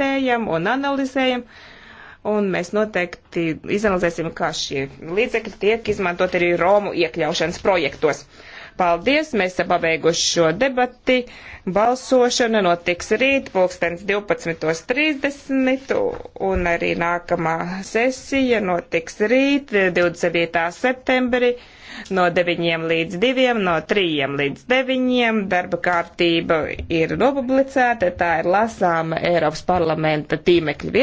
vērtējam un analizējam. Un mēs noteikti izanalizēsim, kā šie līdzekļi tiek izmantot arī Romu iekļaušanas projektos. Uh, Paldies, mēs esam pabeiguši šo debati. Balsošana notiks rīt, pulkstens 12.30, un arī nākamā sesija notiks rīt, 29. septembrī, no 9 līdz 2, no 3 līdz 9. Darba kārtība ir nopublicēta, tā ir lasāma Eiropas parlamenta tīmekļa.